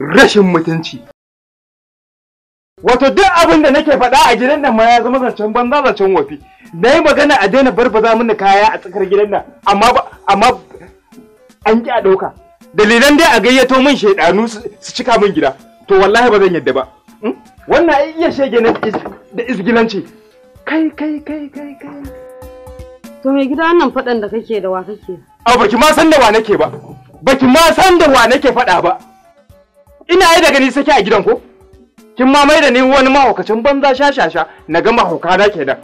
Rashin mutunci. Wato duk abin da nake faɗa a gidan nan ma ya zama zancen banza zancen wafi. Na yi magana a daina barbaza mini kaya a tsakar gidan nan, amma ba an ƙi a ɗauka. Dalilan dai a gayyato min shaidanu su cika min gida, to wallahi ba zan yadda ba. Hmm? Wannan iya shege na da izgilanci. Kai kai kai kai kai. To mai gida wannan faɗan da kake da wa kake? A baki ma san da wa nake ba. Baki ma san da wa nake faɗa ba. Ina yi daga ni sake a gidan ko? Kin ma mai da ni wani mahaukacin banza shashasha na ga mahauka na kenan.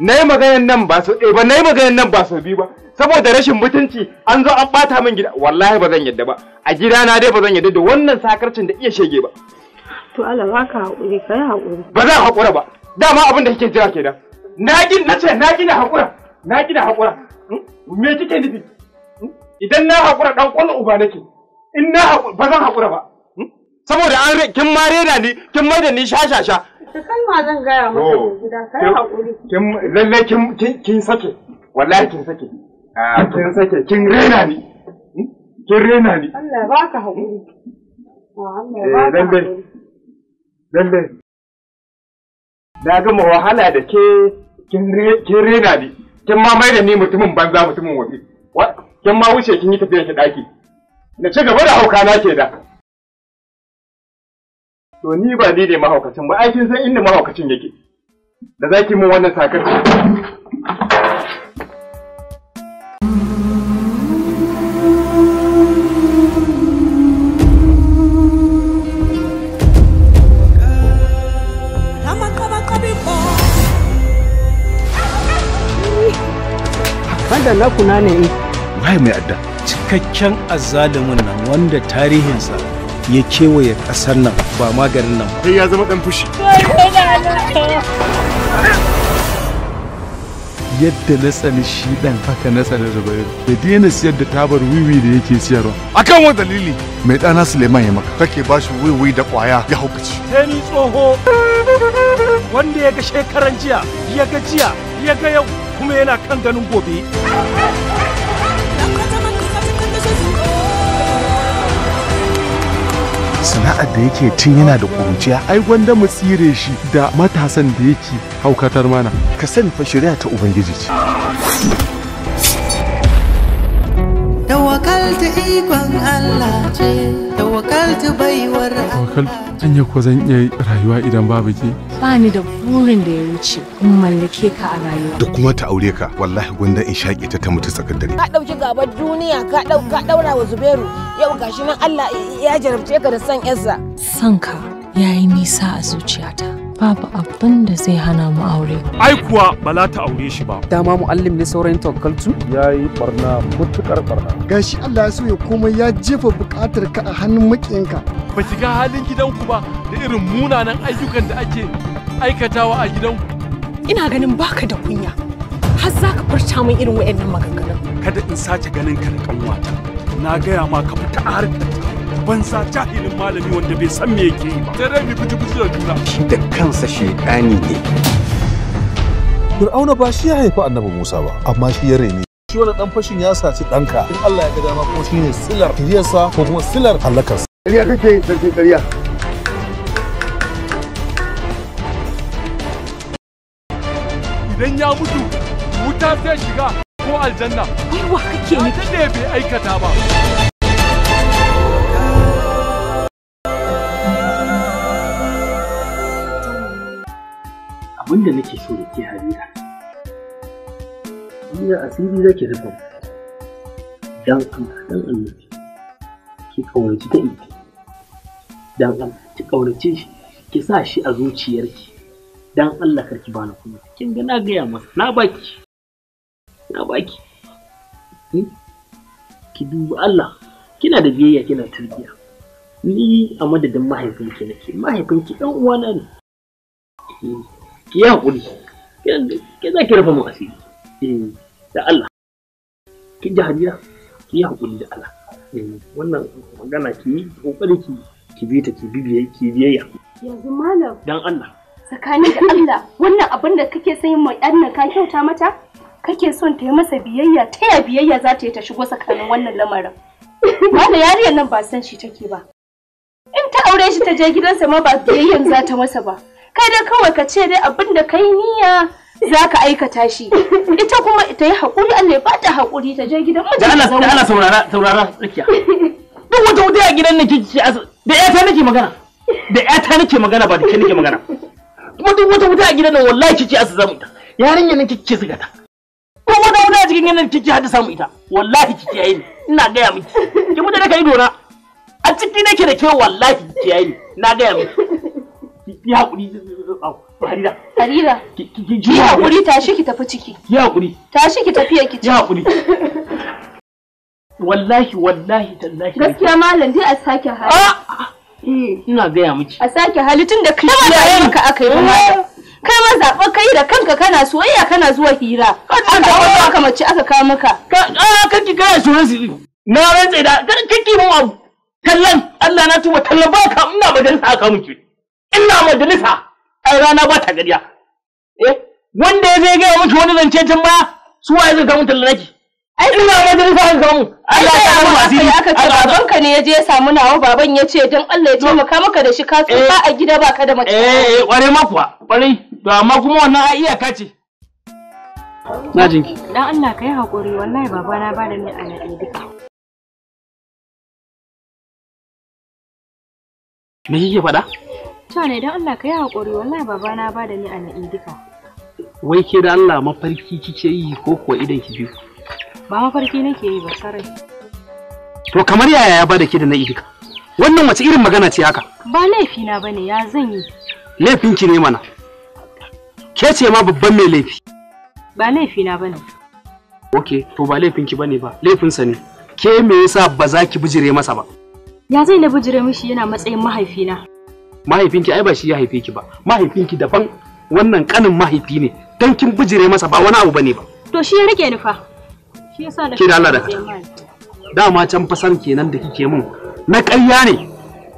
Na yi maganan nan ba so ɗaya ba, na yi maganan nan ba so biyu ba. Saboda rashin mutunci an zo an ɓata min gida. Wallahi ba zan yadda ba. A gida na dai ba zan yadda da wannan sakarcin da iya shege ba. To Allah ba ka haƙuri, ka yi haƙuri. Ba zan haƙura ba. Dama abin da kike jira kenan. na gina na ce na gina haƙura na gina haƙura hmm? me kike nufi hmm? idan na haƙura ɗan ƙwallon uba nake in na haƙura ba zan haƙura ba hmm? saboda an kin ma rena ni kin mai da ni sha ta kalma zan gaya maka gida kai haƙuri kin kin kin sake wallahi kin sake ah, kin sake kin rena ni kin rena ni Allah baka haƙuri ah, Allah eh, baka haƙuri lalle na gama wahala da ke kin rena ni kin ma mai da ni mutumin banza mutumin wafi kin ma wuce kin yi tafiya ki daki na ci gaba da hauka na ke da to ni ba ni ne mahaukacin ba ai kin san inda mahaukacin yake da zaki mun wannan sakar adda na kuna ne Wai mai adda cikakken azzalumin nan wanda tarihinsa ya kewaye ƙasar nan ba maganin nan sai ya zama dan fushi yadda na tsani shi dan haka na tsani zubairu da daina siyar da tabar wiwi da yake siyarwa akan wani dalili mai ɗana suleiman ya maka kake ba shi wiwi da ƙwaya ya haukaci sai ni tsoho wanda ya ga shekaran jiya ya ga jiya ya ga yau kuma yana kan ganin gobe. sana'ar da yake tun yana da kuruciya ai gwanda mu tsire shi da matasan da yake haukatar mana ka sani fa shari'a ta ubangiji ce ta ikon Allah ce ta baiwar Allah yi ko zan iya rayuwa idan babu ke? Ba ni da burin da ya wuce kuma mallake ka a rayuwa. Da kuma ta aure ka wallahi gwanda in shaƙe ta ta mutu tsakar dare. Ka ɗauki gaban duniya ka ɗaura wa Zubairu yau gashi nan Allah ya jarabce ka da san yarsa. sanka ka yayi nisa a zuciyata. babu abin da zai hana mu aure. Ai kuwa ba za ta aure shi ba. Dama mu'allim ne saurayin tokaltu? Ya yi barna mutukar barna. Gashi Allah ya ya komai ya jefa buƙatar ka a hannun maƙiyanka. Ba ki ga halin gidanku ba da irin munanan ayyukan da ake aikatawa a gidanku. Ina ganin baka da kunya. Har za ka furta min irin waɗannan maganganun. Kada in sace ganin ka da ƙanwata. Na gaya ma ka fita harkar banza jahilin malami wanda bai san me yake yi ba sai dai biji biji da juna shi da kansa shedani ne Fir'auna ba shi ya haifi Annabi Musa ba amma shi ya rene shi wani dan fashin ya saci danka in Allah ya ga dama shi ne silar kiriyarsa ko kuma silar halakarsa kariya kake sarki kariya idan ya mutu wuta zai shiga ko aljanna wai wa kake ne da bai aikata ba abin da nake so da ke harira iya asiri ke rufe dan an haɗin annabi, ki kaurace ta ita dan an ki kaurace shi ki sa shi a zuciyarki dan Allah karki bani kuma kin ga na gaya masa na baki na baki hmm? ki duba Allah kina da biyayya kina tarbiyya ni a madadin mahaifinki nake mahaifinki ɗan uwana ne ki yi haƙuri ke za ki rufe mu asiri eh, da Allah ki ji hadiya ki yi hakuri da Allah eh, wannan magana ki yi kokari ki ki bi ta ki bibiye ki biyayya yanzu malam dan Allah tsakanin da Allah wannan abin da kake sayin mai ɗan nan ka kyauta mata kake son ta yi masa biyayya ta ya biyayya za ta yi ta shigo tsakanin wannan lamarin malam yariyar nan ba san shi take ba in ta aure shi ta je gidansa ma ba biyayyan za ta masa ba kai dai kawai ka ce dai abin da kai niyya za ka aikata shi ita kuma ta yi haƙuri Allah ya bata haƙuri ta je gidan mijin da Allah saurara saurara tsakiya. Duk wata wuta a gidan nake da ƴata nake magana. Da ƴata nake magana ba da ke nake magana. Kuma duk wata wuta a gidan nan wallahi kici asu zamu ita. Yarinya nake kike zuga ta. Ko wata wuta a cikin gidan kike hada samu ita. Wallahi kike yayi ina gaya miki. Ki mutane ka yi na. A ciki nake da ke wallahi kike yayi na gaya miki. Yi hakuri Farida Farida ki hakuri tashi ki tafi ciki ki hakuri tashi ki tafi ki ki hakuri wallahi wallahi tallahi gaskiya malam dai a sake hali ah, ina gaya miki a sake hali tun da kai ya ka aka yi eh. kai ma zaɓa kai da kanka kana soyayya kana zuwa hira aka kawo ka mace aka kawo maka ah, kan ki gaya sunan su na rantsa da kan ki mun abu tallan Allah na tuba tallan ba ka ina majalisa aka miki ina majalisa a rana ba ta gariya eh wanda ya zai gaya miki wani zance can ba su waye zai samu naki. ai ina majalisa an samu Allah ya samu asiri aka ce babanka ne ya je ya samu nawa baban ya ce dan Allah ya taimaka maka da shi ka ba eh. a gida ba ka da mace eh kwarai eh, kware ma kuwa kware to amma kuma wannan ai iyaka ce na jinki dan Allah kai hakuri wallahi babana ba da ni a naɗe duka me kike faɗa To ne don Allah ka yi haƙuri wallahi babana ba da ni a na'i duka. Wai ke da Allah mafarki kike yi ko kuwa idan ki biyu? Ba mafarki nake yi ba sarai. To kamar yaya ya ba da ke da na'i duka? Wannan wace irin magana ce haka? Ba laifi ba ne ya zan yi. Laifinki ne mana. Ke ce ma babban mai laifi. Ba laifi ba ne. Ok, to ba laifinki ba ne ba, laifinsa ne. Ke me yasa ba za ki bijire masa ba? Ya zai na bijire mishi yana matsayin mahaifina. mahaifinki ai ba shi ya haife ki ba mahaifinki daban wannan kanin mahaifi ne dan kin bijire masa ba wani abu bane ba to shi ya rike ni fa shi yasa da ke da Allah da dama can fasan kenan da kike mun na ƙarya ne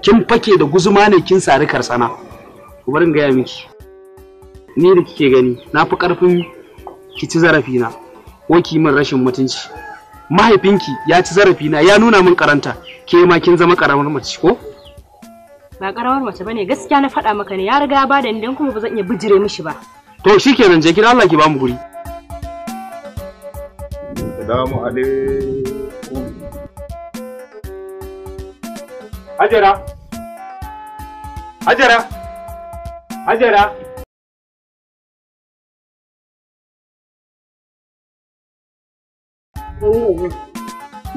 kin fake da guzuma ne kin sari karsana ku barin gaya miki ni da kike gani na fi ƙarfin ki ci na, ko ki min rashin mutunci mahaifinki ya ci zarafi na, ya nuna min karanta ke ma kin zama karamar mace ko ba karawar mace bane gaskiya na faɗa maka ne ya riga ba da ni kuma ba zan iya bijire mishi ba to shikenan je kira Allah ki ba mu guri Assalamu alaikum Hajara Hajara Hajara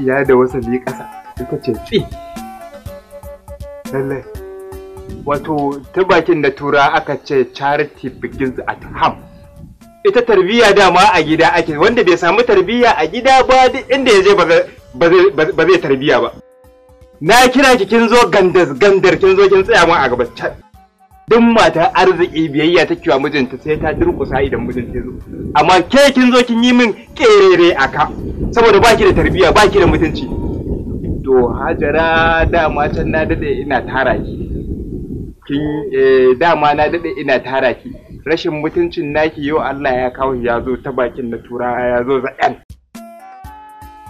Ya da wasali ƙasa, ita ce tsi. Lallai. wato ta bakin da tura aka ce charity begins at home ita tarbiyya dama a gida ake wanda bai samu tarbiyya a gida ba inda ya je ba zai tarbiyya ba na kira ki kin zo gandas gandar kin zo kin tsaya mun a gaba can duk mata arziki biyayya ta kiwa mijinta sai ta durkusa idan mijinta zo amma ke kin zo kin yi min kerere a ka saboda baki da tarbiyya baki da mutunci to hajara dama can na dade ina tara ki kin eh, dama na daɗe, ina tara ki rashin mutuncin naki yau Allah ya kawo ya zo ta bakin na tura ya zo zaɗan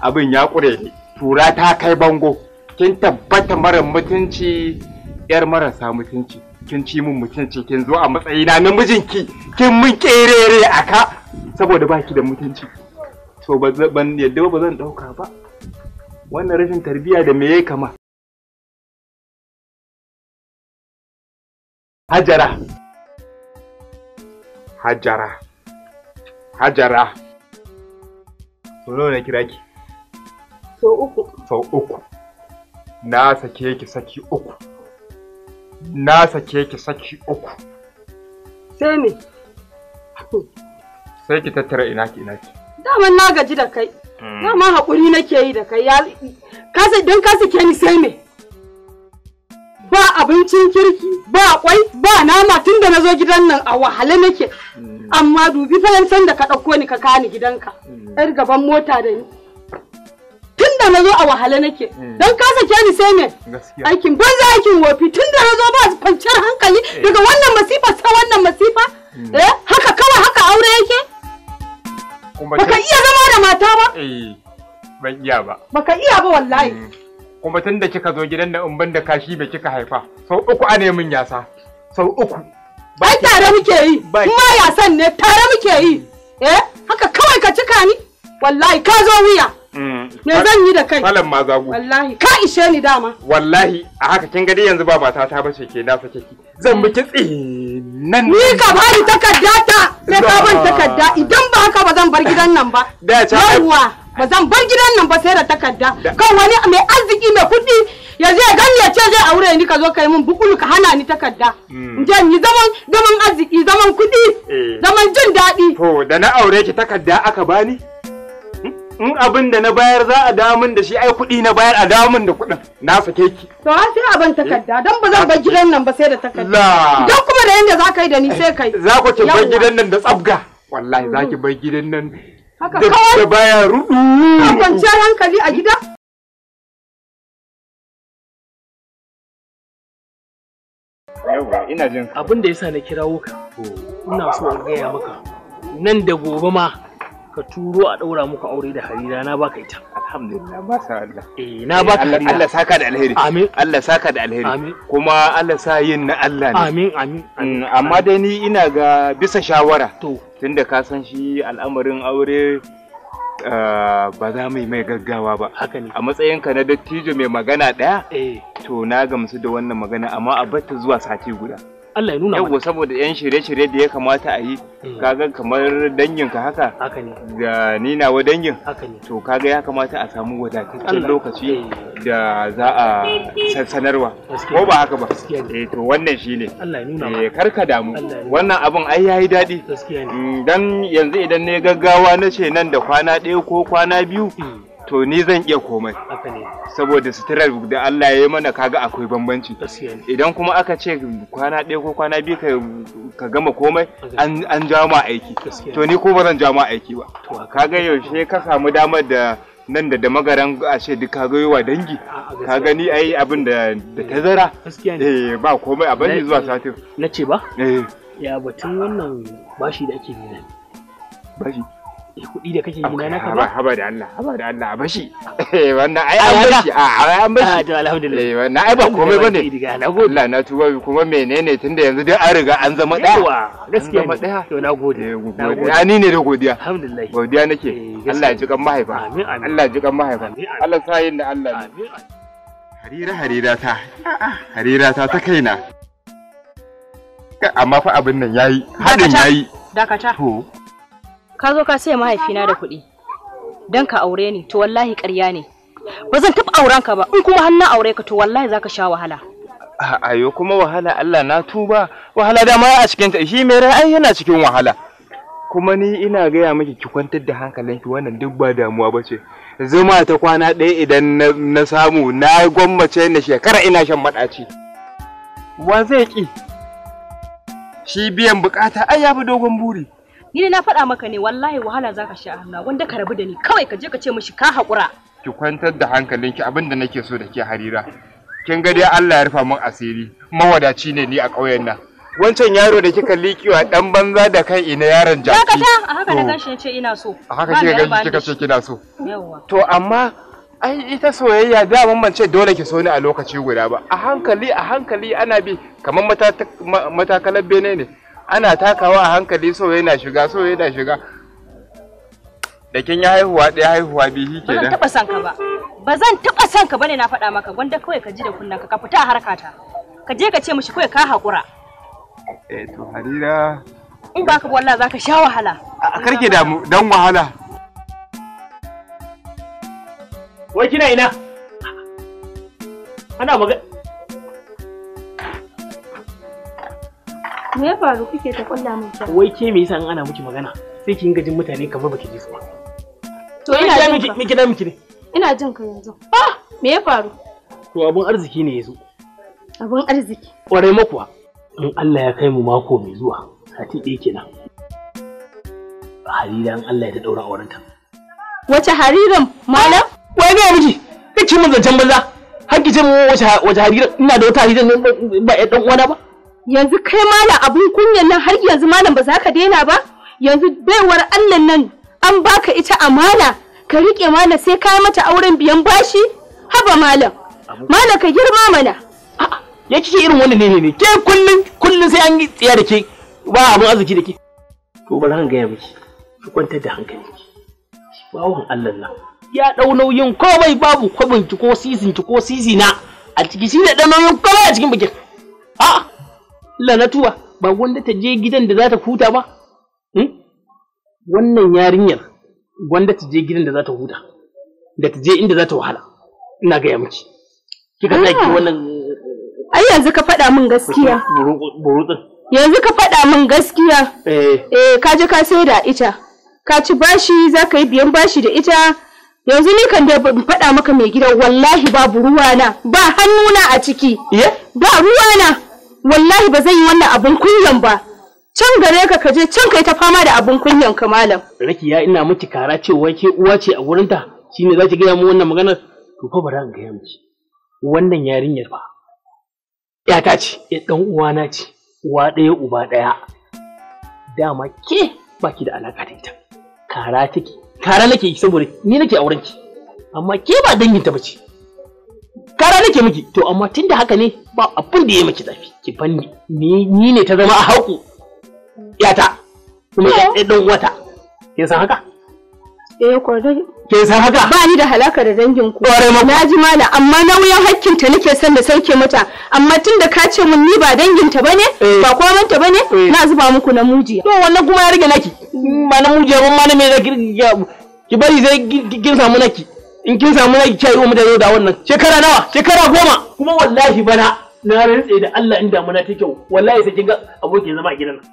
abin ya ƙure ne. tura ta kai bango kin tabbata mara mutunci yar marasa mutunci kin ci min mutunci kin zo a matsayina na mijinki kin mun kerere a ka saboda baki da mutunci to ban yadda ba zan ɗauka ba wannan rashin tarbiyya da me ya kama Hajara. Hajara. Hajara. Sau nawa na kira ki? Sau uku. Sau uku. Na sake ki saki uku. Na sake ki saki uku. Sai me? Sai ki tattara ina ki ina ki. Daman na gaji da kai. Hmm. Dama haƙuri nake yi da kai. Don ka sake ni sai me? ba abincin kirki ba kwai ba nama tun da na zo gidan nan a wahale nake mm. amma dubi faransan da ka ɗauko ni ka kani gidanka mm. yar gaban mota da ni tun da na zo a wahale nake mm. don ka sake ni sai me aikin za aikin wofi tun da na zo ba kwanciyar hankali eh. daga wannan masifa sai wannan masifa eh, haka kawai haka aure yake baka iya zama da mata ba eh, ban iya ba baka iya ba wallahi kuma tun da kika zo gidan da in da kashi bai kika haifa sau uku a min yasa sau uku ai tare muke yi ma yasan ne tare muke yi eh haka kawai ka cika ni wallahi ka zo wuya mm. me zan yi da kai falan ma zagu wallahi ka ishe ni dama wallahi a haka kin ga dai yanzu ba mata ta bace ke na sake ki zan miki tsinan ni ka bani takarda ta me ka ban takarda idan ba haka ba zan bar gidan nan ba da ta ba zan bar gidan nan ba sai da takarda kan wani mai arziki mai kuɗi ya je gani ya ce zai aure ni ka zo kai min bukulu ka hana ni takarda hmm. in je ni zaman zaman arziki zaman kuɗi eh. zaman jin daɗi to da na aure ki takarda aka bani in abin da na bayar za a damun da shi ai kuɗi na bayar a damun da kuɗin na sake ki. To har sai abin eh. takarda don ba zan bar gidan nan ba sai da takarda. Don kuma da yanda za ka yi da ni sai kai. Za ku ci bar gidan nan da tsabga. Wallahi za ki mm. bar gidan nan haka kawai da baya rudu kwanciyar hankali a gida yawa ina jin abin da yasa na kirawo ka ina so in gaya maka nan da gobe ma ka turo a ɗaura muka aure da harira na baka ita alhamdulillah ba sa Allah eh na baka harira Allah saka da alheri amin Allah saka da alheri amin kuma Allah sa yin na Allah ne amin amin mm, amma dai ni ina ga bisa shawara to tunda ka san shi al'amarin aure ah, ba za mu yi mai gaggawa ba haka ne a matsayinka na dattijo mai magana ɗaya eh. to na gamsu da wannan magana amma a batta zuwa sati guda Allah ya nuna yawa saboda yan shirye-shirye da ya kamata a yi mm. kaga kamar dangin ka haka haka ne da ni dangin haka ne to kaga ya kamata a samu wadataccen lokaci eh. da za a sanarwa ko ba haka ba eh to wannan shine Allah ya nuna eh ka damu wannan abin ai yayi daɗi mm, dan yanzu idan ne gaggawa na ce nan da kwana ɗaya ko kwana biyu mm. to ni zan iya komai saboda suturar da Allah ya yi mana kaga akwai bambanci idan kuma aka ce kwana ɗaya ko kwana biyu ka gama komai an ja ma aiki to ni ko ba zan ja ma aiki ba kaga yaushe ka samu damar da nan da da magaran a ce duk kaga wa dangi ka gani ai abin da da tazara eh ba komai a bari zuwa satin na ce ba eh ya batun wannan bashi da ake nuna bashi kuɗi da kake yi na naka ba haba da Allah haba da Allah a bashi eh, wannan ai an bashi a an bashi ah, to alhamdulillah eh, wannan ai ba komai bane Allah na tuba kuma menene tunda yanzu dai an riga an zama daya gaskiya ne daya to nagode eh, ya ah, ni ne da godiya alhamdulillah godiya nake Allah ya ji kan mahaifa Allah ya ji kan mahaifa Allah sa yin da Allah harira harira ta harira ta ta kaina amma fa abin nan yayi hadin yayi dakata to ka zo ka saya mahaifina da kuɗi don ka aure ni to wallahi ƙarya ne ba zan taɓa auren ka ba in kuma har na aure ka to wallahi zaka sha wahala ayo kuma wahala Allah na tuba wahala da ma a cikin ta shi mai rai yana cikin wahala kuma ni ina gaya miki ki kwantar da hankalinki wannan duk ba damuwa bace zuma ta kwana ɗaya idan na samu na gwammace na shekara ina shan maɗaci wa zai ki shi biyan bukata ai ya fi dogon buri ni ne na faɗa maka ne wallahi wahala za ka sha hannu wanda ka rabu da ni kawai ka je ka ce mishi ka haƙura ki kwantar da hankalinki abinda nake so da ke harira kin ga dai Allah ya rufa min asiri mawadaci ne ni a ƙauyen nan wancan yaro da kika likiwa dan banza da kai ina yaron jaki ta a haka na gashi nace ina so a haka kika gashi kika ce kina so to amma ai ita soyayya da mun ban ce dole ki so ni a lokaci guda ba a hankali a hankali ana bi kamar matakalar bene ne ana takawa a hankali so yana shiga so yana shiga da kin yi haihuwa ɗaya haihuwa biyu shi nan. ba zan taɓa son ba ba zan taɓa son ka bane na faɗa maka gwanda kawai ka ji da kunnan ka fita a harkata ka je ka ce mishi kawai ka haƙura eh to harira in ba ka wallahi ka sha wahala a karke damu dan wahala wai kina ina ana magana me ya faru kuke ta kulla min ta wai ke me yasa an ana miki magana sai ki dinga jin mutane kamar baki ji su ba to ina jin miki da miki ne ina jin ka yanzu ah me ya faru to abun arziki ne yazo abun arziki kwarai makuwa in Allah ya kai mu mako mai zuwa sati ɗaya kenan harira in Allah ya ta daura ta. wace hariran malam wai ga miki kike mun zancen banza hakki ce mu wace wace hariran ina da wata hariran ba ɗan uwana ba yanzu kai malam abun kunyan nan har yanzu malam ba za ka daina ba yanzu baiwar allah nan an baka ita amana ka riƙe malam sai ka mata auren biyan bashi haba malam malam ka girma mana ya kike irin wannan ne ne ke kullun kullun sai an tsiya da ke ba abun arziki da ke to bari an gaya miki ki kwantar da hankali ki bawon allah nan ya ɗau nauyin komai babu kwabin ki ko sisin ki ko sisina a ciki shi ne ɗan nauyin komai a cikin bikin a'a lanatuwa ba wanda ta je gidan da za ta huta ba hmm? wannan yarinyar wanda ta je gidan da za ta huta da ta je inda za ta wahala ina gaya miki kika ki ah. wannan ai yanzu ka faɗa min gaskiya burutsin yanzu ka faɗa min gaskiya eh. eh ka je ka sai da ita ka ci bashi za ka yi biyan bashi da ita yanzu ni kan da ban faɗa maka mai gidan wallahi babu ruwana ba hannuna a ciki ba ruwana wallahi ba zan yi wannan abun kunyan ba can gare ka ka je can kai ta fama da abin kunyan ka malam rakiya ina miki kara cewa ke uwa ce a wurinta shine za ki gaya mu wannan maganar to fa za ka gaya miki wannan yarinyar fa yata ce ya dan uwana ce uwa ɗaya uba ɗaya dama ke baki da alaka da ita kara take kara nake yi saboda ni nake a ki amma ke ba danginta bace kara nake miki to amma tunda haka ne ba abin da ya miki zafi ki fanni ni ne ta zama a haƙu yata kuma ya ɗan wata kin san haka eh ko kin san haka ba ni da halaka da dangin ku na ji mala amma nauyin hakkin ta nake son da sauke mata amma tun da ka ce mun ni ba dangin ta bane ba eh. komai ta bane eh. na zuba muku na mujiya to wannan kuma ya rage naki ba na mujiya ban ma na me ki bari sai kin samu naki in kin samu naki kai mu da yau da wannan shekara nawa shekara goma kuma wallahi bana na rantse da Allah inda Muna ta kyau wallahi sai kin ga aboki zama a gidan nan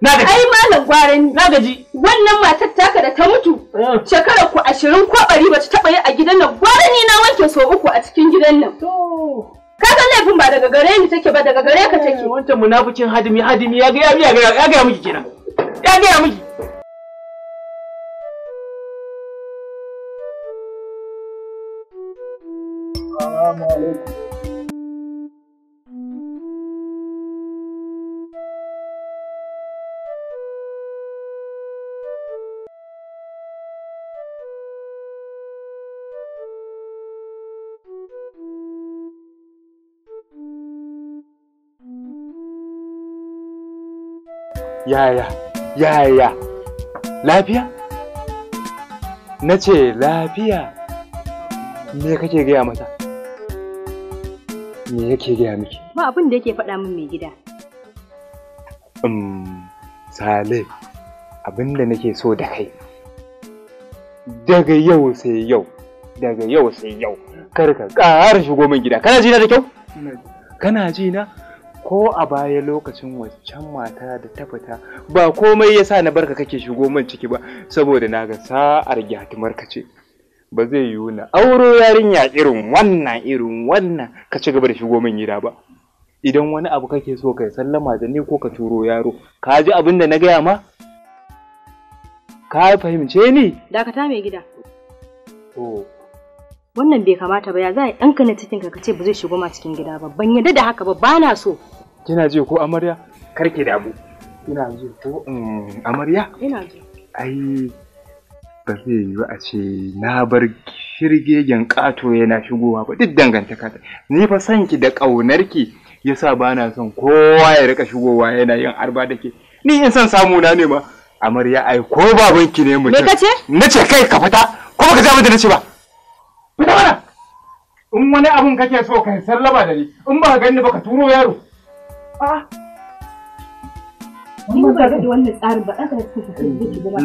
na gaji ai malam gwarin na gaji wannan matar taka da ta mutu ah. shekara ku 20 ko bari ba ta taba yi a gidan nan gwarani na wanke so uku a cikin gidan nan to kaga laifin ba daga gare ni take ba daga gare ka take eh, wancan munafikin hadimi hadimi ya ga ya ga ya ga miki kenan ya ga miki Assalamu alaikum. yaya yaya lafiya na ce lafiya me kake gaya mata me yake gaya miki ba abin da yake faɗa min mai gida um, sale abin da nake so da kai daga yau sai yau daga yau sai yau kar ka ƙara shigo min gida kana ji na da kyau kana ji na ko a baya lokacin waccan mata da ta fita ba komai ya sa na barka kake shigo man ciki ba saboda na ga sa'ar gyatumar ka ce ba zai yiwu na auro yarinya irin wannan irin wannan ka ci gaba da shigo min gida ba idan wani abu kake so kai sallama da ni ko ka turo yaro ka ji abin da na gaya ma ka fahimce ni dakata mai gida Oh. wannan bai kamata ba ya za a ɗanka na cikin ka ce ba zai shigo ma cikin gida ba ban yadda da haka ba ba na so kina ji ko amarya karki da abu ina ji ko um, amarya ina ji ai ba zai ba a ce na bar shirgegen ƙato yana shigowa ba duk dangantaka ta ni fa san ki da ƙaunar ki yasa ba na son kowa ya rika shigowa yana yin arba da ke ni in san samu na ne ma amarya ai ko babanki ne mutum me kace nace kai ka fita ko baka ji abin da nace ba fita mana in wani abun kake so ka sallaba da ni in ba ka gani ba ka turo yaro a Ni ba wannan tsarin ba aka yi kuka kuka ba.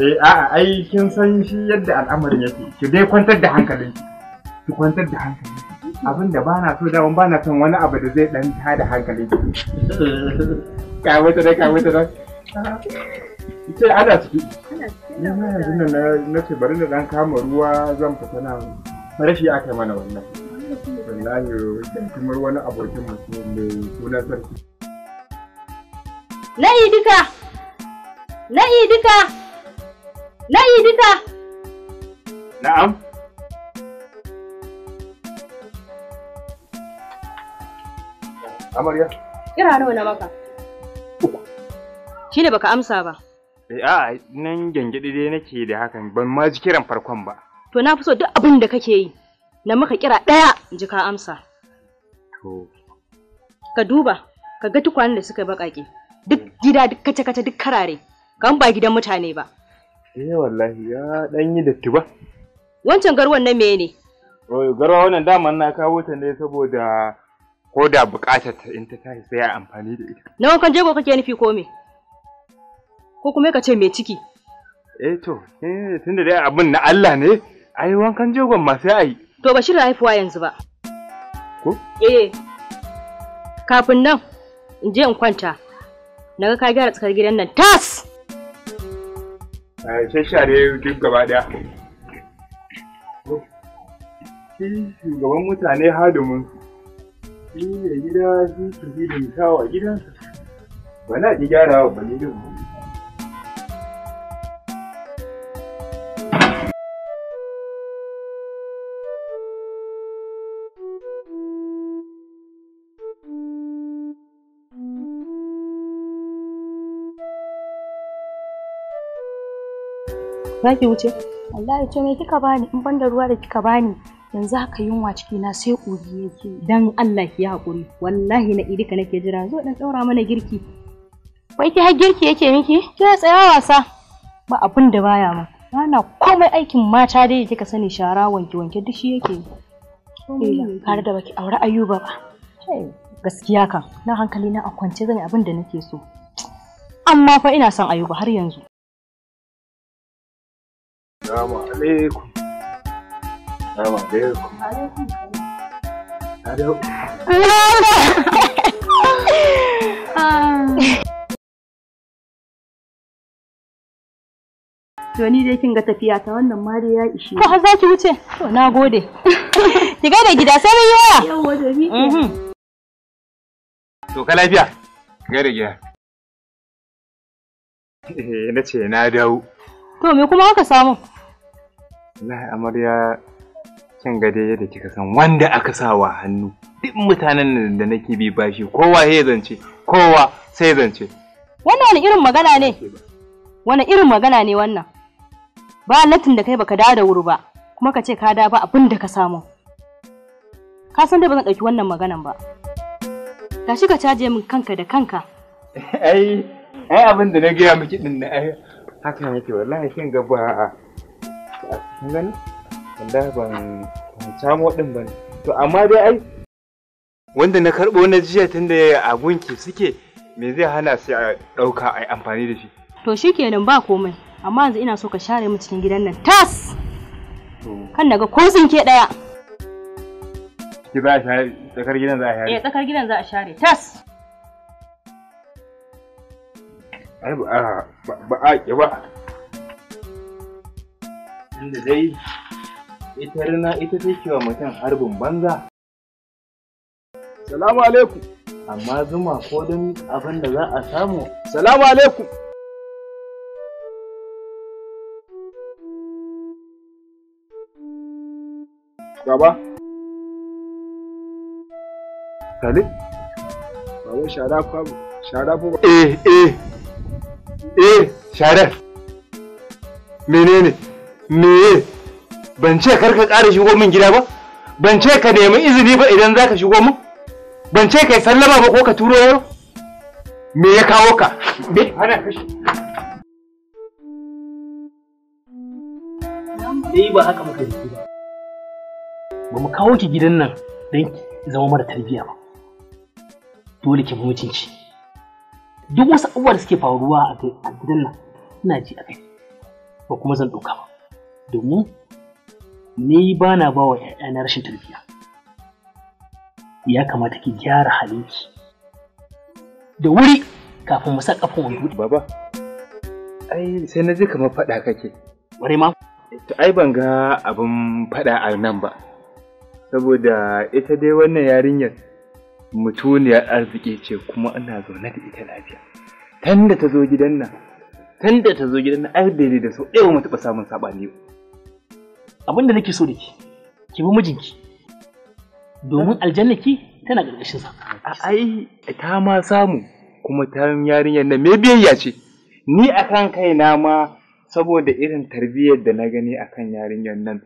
Eh a'a ai kin san shi yadda al'amarin yake. Ki dai kwantar da hankalinki. Ki kwantar da hankalinki. abin da bana so daman bana son wani abu da zai dan tada hankali ka mata da ka mata da ce ana ciki ana ciki na na ce bari na dan kama ruwa zan fita na rashi aka mana wannan wallahi kuma wani abokin mutum mai sunan sarki na idika na idika na idika na'am amarya kira nawa na maka shine baka amsa ba eh a nan gyangyaɗi dai nake da hakan ban ma ji kiran farkon ba to na fi so duk abin da kake yi na maka kira ɗaya in ji ka amsa to ka duba ka ga tukwanen da suka baƙaƙe duk mm. gida duk kace kace duk karare kan ba gidan mutane ba eh wallahi ya dan yi datti ba wancan garwan na me ne oh garwa wannan daman na kawo ta ne saboda ko da bukatar ta in ta tashi sai a amfani da ita nawa kan jego kake nufi ko me ko kuma ka ce me ciki eh to eh tunda dai abin na Allah ne ai wankan jogon ma sai a yi to ba shirya haifuwa yanzu ba ko eh, eh kafin nan in je in kwanta na ga ka gyara tsakar gidan nan tas sai share duk gaba daya shi shugaban mutane hadumin shi ne gida shi su gidan kawo gidansa ba na ji gyara wa ba ne za ki wuce wallahi ce me kika bani in banda ruwa da kika bani yanzu haka yunwa ciki na sai ubi yake dan Allah ki hakuri wallahi na idika nake jira zo dan ɗaura mana girki wai ki har girki yake miki ke tsaya wasa ba abin da baya ba Kana komai aikin mata dai kika sani shara wanke wanke duk shi yake eh da baki aure Ayuba ba gaskiya kan na hankali na a kwance zan abin da nake so amma fa ina son Ayuba har yanzu Salamu alaikum. Salamu alaikum. Alaikum. To ni dai kin ga tafiya ta wannan mare ya ishe. Ko har za ki wuce? To na gode. Ki gaida gida sai mun yi waya. Yawwa da mi. Mhm. To ka lafiya? Ki gaida gida. Eh na ce na dawo. To me kuma aka samu? ya amarya kin gade yadda kika san wanda aka sa wa hannu duk mutanen da nake bi bashi kowa ya zance kowa sai zance. Wannan wani irin magana ne? Wani irin magana ne wannan? Ba latin da kai baka dawo da wuri ba kuma ka ce ka da ba abin da ka samu. Ka san dai ba zan ɗauki wannan maganan ba. Tashi ka caje min kanka da kanka. Ai, ai abin da na gaya miki din na ai haka yake wallahi kin ga ba kun gani ban samu din ba, to amma dai ai wanda na karɓo na jiya tunda a gunki suke me zai hana sai a ɗauka a yi amfani da shi to shikenan ba komai amma yanzu ina so ka share mu cikin gidan nan tas kan daga ko ke ɗaya ki ba share tsakar gidan za a share eh tsakar gidan za a share tas ai ba a ba a ba inda dai ita rana ita take wa mutum harbin banza salamu alaikum amma zuma ko don abin da za a samu salamu alaikum gaba Salim? Babu shara kwabu, shara kwabu. Eh, eh, eh, shara. Menene? Me ban ce karka ƙara shigo min gida ba ban ce ka nemi izini ba idan za ka shigo min ban ce ka yi sallama ba ko ka turo yaro me ya kawo ka me hana kashi dai ba haka muka yi ba ba mu kawo ki gidan nan don zama mara tarbiyya ba dole ki mutunci duk wasu abubuwa da suke faruwa a gidan nan ina ji a kai ba kuma zan ɗauka ba domin ni ba na ba wa ‘ya'yana rashin tarbiyya ya kamata ki gyara halinki da wuri kafin mu saka kafin wani baba ai sai na ji kamar faɗa kake wani ma to ai ban ga abin faɗa a nan ba saboda ita dai wannan yarinyar mutuniyar arziki ce kuma ana zaune da ita lafiya tanda ta zo gidan nan tanda ta zo gidan nan ai da su ɗaya eh mu taɓa samun saɓani ba abin da nake so da ki ki bi mijinki domin aljannaki tana ƙarƙashin sa ai ta ma samu kuma ta yarinyar nan me biyayya ce ni akan kaina ma saboda irin tarbiyyar da na gani akan yarinyar nan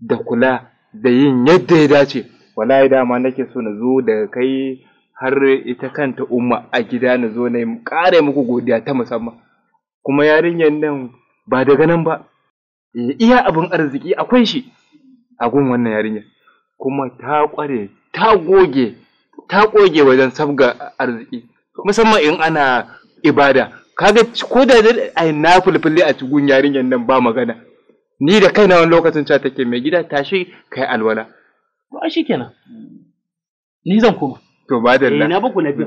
da kula da yin yadda ya dace wallahi dama nake so na zo da kai har ita kanta umma a gida na zo na yi ƙara muku godiya ta musamman kuma yarinyar nan ba daga nan ba Eh, iya abin arziki akwai shi a gun wannan yarinyar kuma ta ƙware ta goge ta goge wajen sabga arziki musamman in ana ibada kaga ko da a na fulfulli a cikin yarinyar nan ba magana ni da kaina wani lokacin ta take mai gida tashi kai alwala ba shi kenan ni zan koma to ba da eh, na ba ku lafiya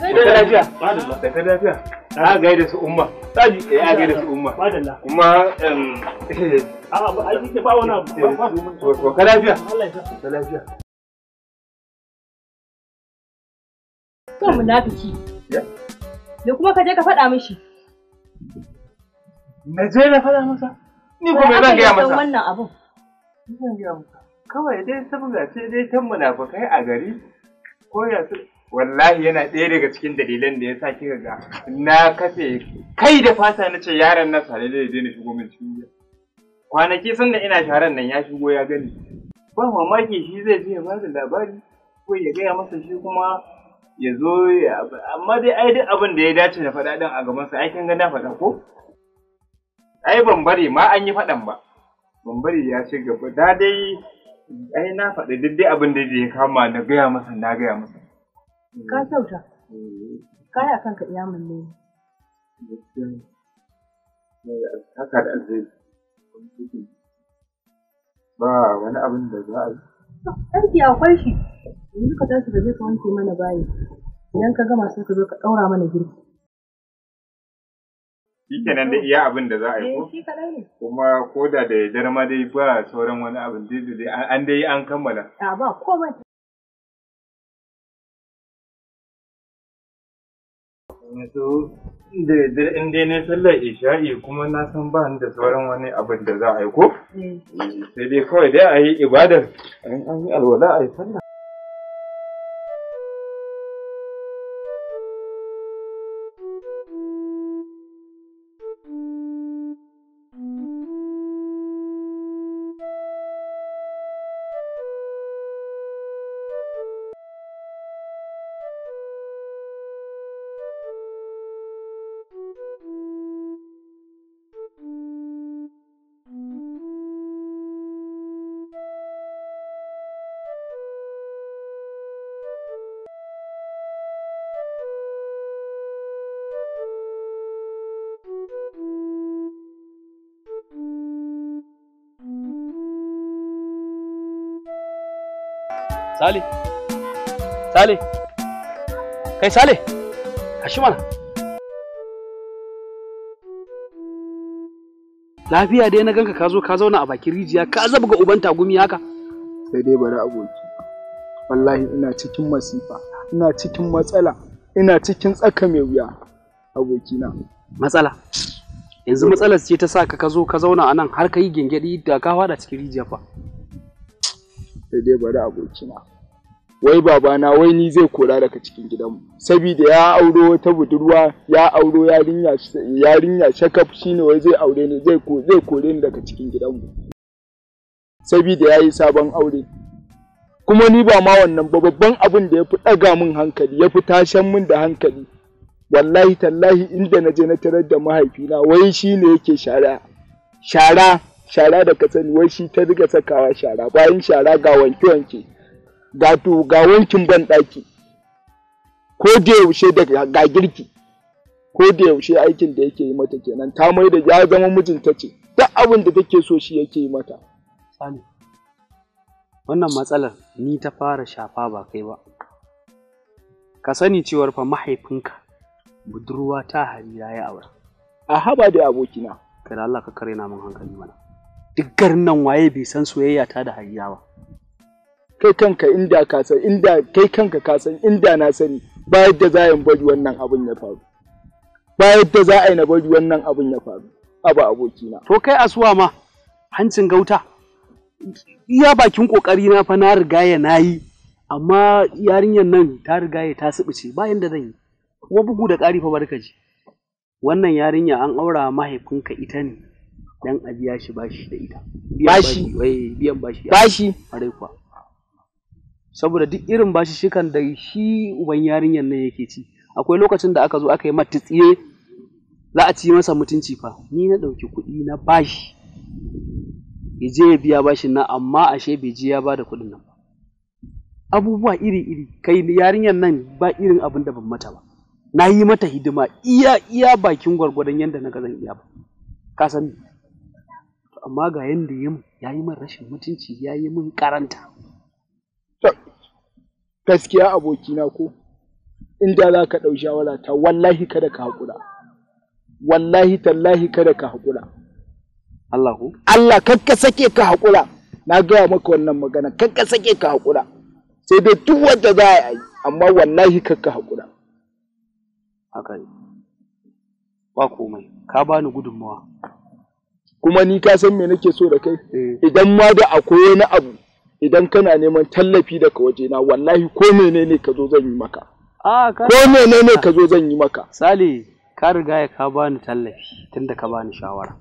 sai da lafiya ba da lafiya a gaida su umma saji eh a gaida su umma kuma em a ba ai ke ba wani abu eh, ba to ka lafiya Allah ya sa lafiya to munafiki da kuma ka je ka faɗa mishi na je na faɗa masa ni kuma zan gaya masa wannan abun zan gaya masa kawai dai saboda ce dai tan munafikai a gari ko ya wallahi yana ɗaya daga cikin dalilan da ya sa kika ga na kafe kai da fata na ce yaron na sare da ya daina shigo min cikin gida kwanaki sun da ina sharan nan ya shigo ya gani ba mamaki shi zai je ya bada labari ko ya gaya masa shi kuma ya zo ya amma dai ai duk abin da ya dace da faɗa ɗin a gaban sa ai kin ga na faɗa ko ai ban bari ma an yi faɗan ba ban bari ya ci gaba da dai ai na faɗi duk dai abin da ya kama na gaya masa na gaya masa Ka eh. kyauta. Eh. Kaya kanka iya mulle. Eh, haka da alheri. Ba wani abin da za a yi. Aiki akwai shi. Yanzu ka tashi da zai ka wanke mana bayi. Idan ka gama sai ka zo ka ɗaura mana girki. shi kenan da iya abin da za a yi ko kuma ko da da ya ma dai ba sauran wani abin dai an dai an kammala a ba komai yanzu da in dai na sallar isha'i kuma na san ba da sauran wani abin da za a yi ko mm. sai dai kawai dai a yi ibadar an yi alwala a yi sallah Sale. Sale. Kai Sale. Kashi mana. Lafiya dai na ganka ka zo ka zauna a bakin rijiya ka zabga uban tagumi haka. Sai dai bari aboki. Wallahi ina cikin masifa, ina cikin matsala, ina cikin tsaka mai wuya abokina. Matsala. Yanzu matsalar ce ta sa ka zo ka zauna a nan har ka yi gengedi da ka fada cikin rijiya fa. sai dai bari abokina wai babana wai ni zai kora daga cikin gidanmu saboda ya auro ta budurwa ya auro yarinya yarinya shakaf shine wai zai aure ni zai kore ni daga cikin gidanmu saboda yi sabon aure kuma ni ba ma wannan ba babban abin da ya fi ɗaga min hankali ya fi tashan min da hankali wallahi tallahi inda na je na tarar da mahaifina wai shi shine yake shara shara shara da ka sani wai shi ta riga sakawa shara bayan shara ga wanke-wanke gato ga wankin ban ɗaki ko da yaushe ga girki ko da yaushe aikin da yake yi mata kenan ta mai da ya zama mijinta ce duk abin da take so shi yake yi mata wannan matsalar ni ta fara shafa ba kai ba ka sani cewar fa mahaifinka budurwa ta hari ya aure. a haba da abokina kada Allah ka kare na hankali mana duk nan waye bai san soyayya ta da hayya ba kai kanka inda ka san inda kai kanka ka san inda na sani ba yadda za a bari wannan abin ya faru ba yadda za a yi na bari wannan abin ya faru abu abokina to kai asuwa ma hancin gauta iya bakin kokari na fa na rigaya ya nayi amma yarinyar nan ta rigaya ya ta sibice ba yanda zan yi kuma bugu da ƙari fa barkaji wannan yarinya an aura mahaifinka ita ne dan a biya shi bashi da ita bashi biyan bashi bashi kuwa saboda duk irin bashi shikan da shi uban yarinyar nan yake ci akwai lokacin da aka zo aka yi mata tsiye za a ci masa mutunci fa ni na ɗauki kuɗi na bashi ya je ya biya bashin nan amma ashe bai je ya ba da kuɗin nan ba abubuwa iri-iri kai yarinyar nan ba irin abin da ban mata ba na yi mata hidima iya iya bakin gwargwadon yadda na ga zan iya ba ka san amma ga yanda ya yi min rashin mutunci ya yi min karanta gaskiya abokina ko in da za ka ɗau shawara ta wallahi kada ka haƙura wallahi tallahi kada ka haƙura Allah ko Allah kakka sake ka haƙura na gaya maka wannan magana kakka sake ka haƙura sai dai duk wanda za a yi amma wallahi kakka haƙura haka ba komai ka bani gudunmawa kuma ni ka san me nake so da kai eh. idan ma da akwai wani abu idan kana neman tallafi daga wajena wallahi ko menene ka zo zan yi maka ko menene ka zo zan yi maka sale ka riga ya ka bani tallafi tunda ka bani shawara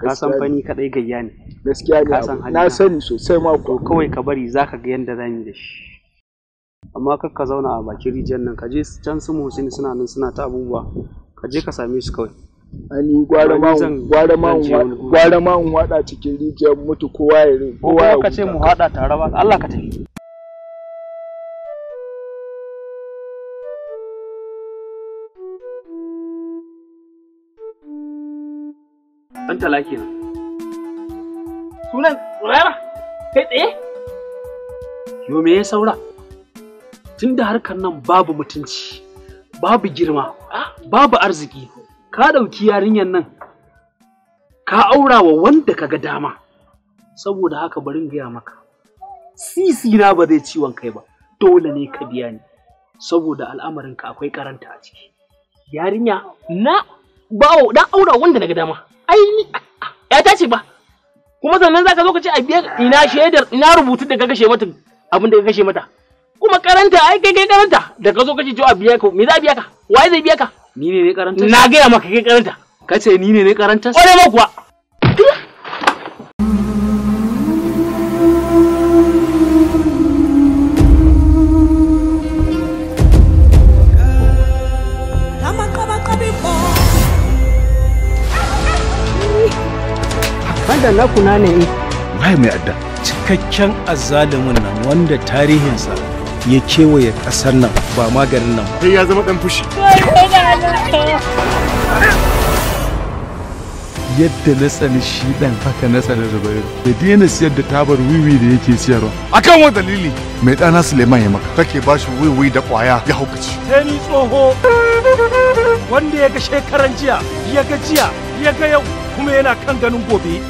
ka san fani kadai gayya ne gaskiya ne na sani sosai ma ko kawai ka bari zaka ga yanda zan yi da shi amma kar ka zauna a bakin rijiyar nan ka je can su suna nan suna ta abubuwa ka je ka same su kawai ani gwara ma gwara ma gwara ma in hada cikin rijiyar mutu kowa ya rin kowa ya kace mu hada tare ba Allah ka tafi an talaki ne. Sunan Rara kai tsaye? Yo me ya saura? Tunda harkar nan babu mutunci, babu girma, babu arziki, ka ɗauki yarinyar nan ka aura wa wanda ka ga dama saboda haka bari gaya maka sisi na ba zai ciwon kai ba dole ne ka biya ni saboda al'amarinka akwai karanta a ciki yarinya na bawo dan aura wanda na ga dama ai ni ya ta ce ba kuma sannan zaka zo ka ce a biya ina shaidar ina rubutu da ka kashe mata abin da ka kashe mata kuma karanta ai kai kai karanta da ka zo ka ce to a biya ka me za a biya ka waye zai biya ka Ni ne ne karanta? Na gaya maka kai karanta. Ka ce ni ne ne karanta? Ƙwarai ma kuwa. na kuna ne? Wai mai adda. Cikakken azzalumin nan wanda tarihinsa ya kewaye ƙasar nan ba maganin nan sai ya zama ɗan fushi yadda na tsani shi ɗan haka na tsani zubairu da daina siyar da tabar wiwi da yake siyarwa akan wani dalili mai dana suleiman ya maka kake ba shi wiwi da kwaya ya haukaci sai ni tsoho wanda ya ga shekaran jiya ya ga jiya ya ga yau kuma yana kan ganin gobe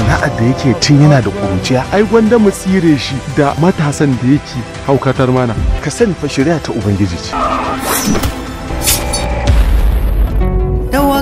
sana'ar da yake tun yana da ƙuruciya ai gwanda mu tsire shi da matasan da yake haukatar mana ka sani fa shari'a ta ubangiji ce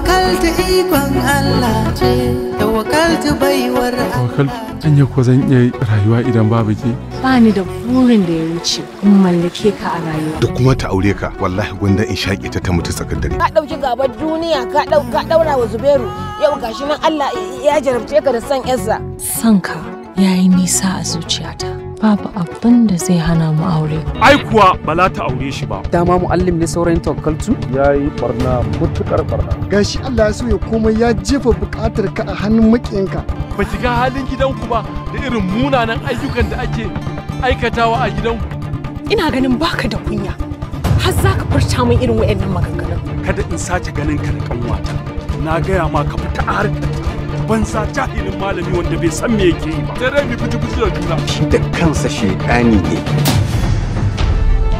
tawakkaltu ikon Allah ce tawakkaltu baiwar Allah yi ko zan iya rayuwa idan babu ke ba ni da burin da ya wuce kun mallake ka a rayuwa duk kuma ta aure ka wallahi gwanda in shaƙe ta ta mutu tsakar dare ka ɗauki gabar duniya ka dau ka wa Zubairu yau gashi nan Allah ya jarabce ka da san yarsa san ka yayi nisa a zuciyata babu abin da zai hana mu aure. Ai kuwa ba za ta aure shi ba. Dama mu'allim ne saurayin tokaltu? Ya yi barna mutukar barna. Gashi Allah ya ya komai ya jefa bukatar ka a hannun maƙiyanka. Ba ki ga halin gidanku ba da irin munanan ayyukan da ake aikatawa a gidanku. Ina ganin baka da kunya. Har za ka furta min irin wa'annan maganganun. Kada in sace ganin ka da kanwata, Na gaya ma ka fita banza jahilin malami wanda bai san me yake yi ba sai dai mu fiti fiti da juna shi da kansa shedani ne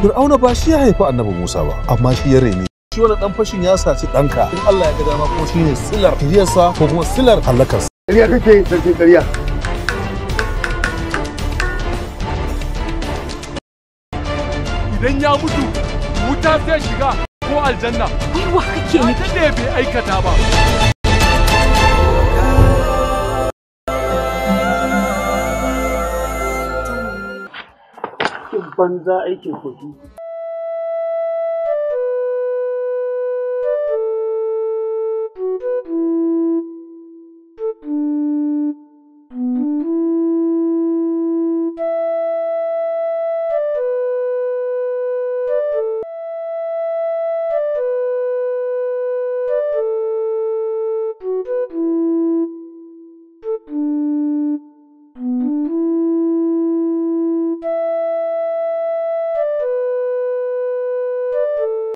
Fir'auna ba shi ya haifi annabi Musa ba amma shi ya rene shi wani dan fashin ya saci danka in Allah ya ga dama kuma ne silar kiriyarsa ko kuma silar hallakarsa ƙarya kake sarki ƙarya idan ya mutu wuta zai shiga ko aljanna. Wai wa kake ne da bai aikata ba. banza aikin kofi